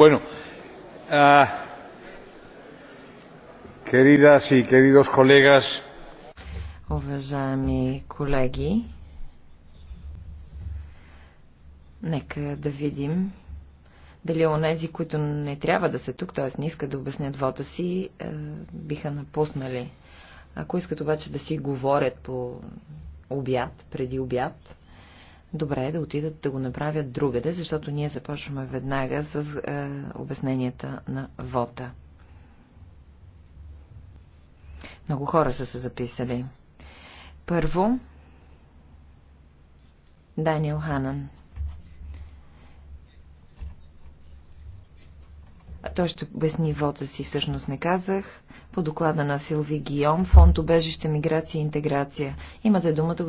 Bueno, ah, queridas y queridos colegas, Уважаеми колеги, нека да видим дали онези, които не трябва да са тук, т.е. не искат да обяснят вота си, е, биха напуснали. Ако искат обаче да си говорят по обяд, преди обяд, Добре е да отидат да го направят другаде, защото ние започваме веднага с е, обясненията на вота. Много хора са се записали. Първо, Даниел Ханан. Той ще обясни вода си, всъщност не казах. По доклада на Силви Гион, фонд обежище, миграция и интеграция. Имате думата,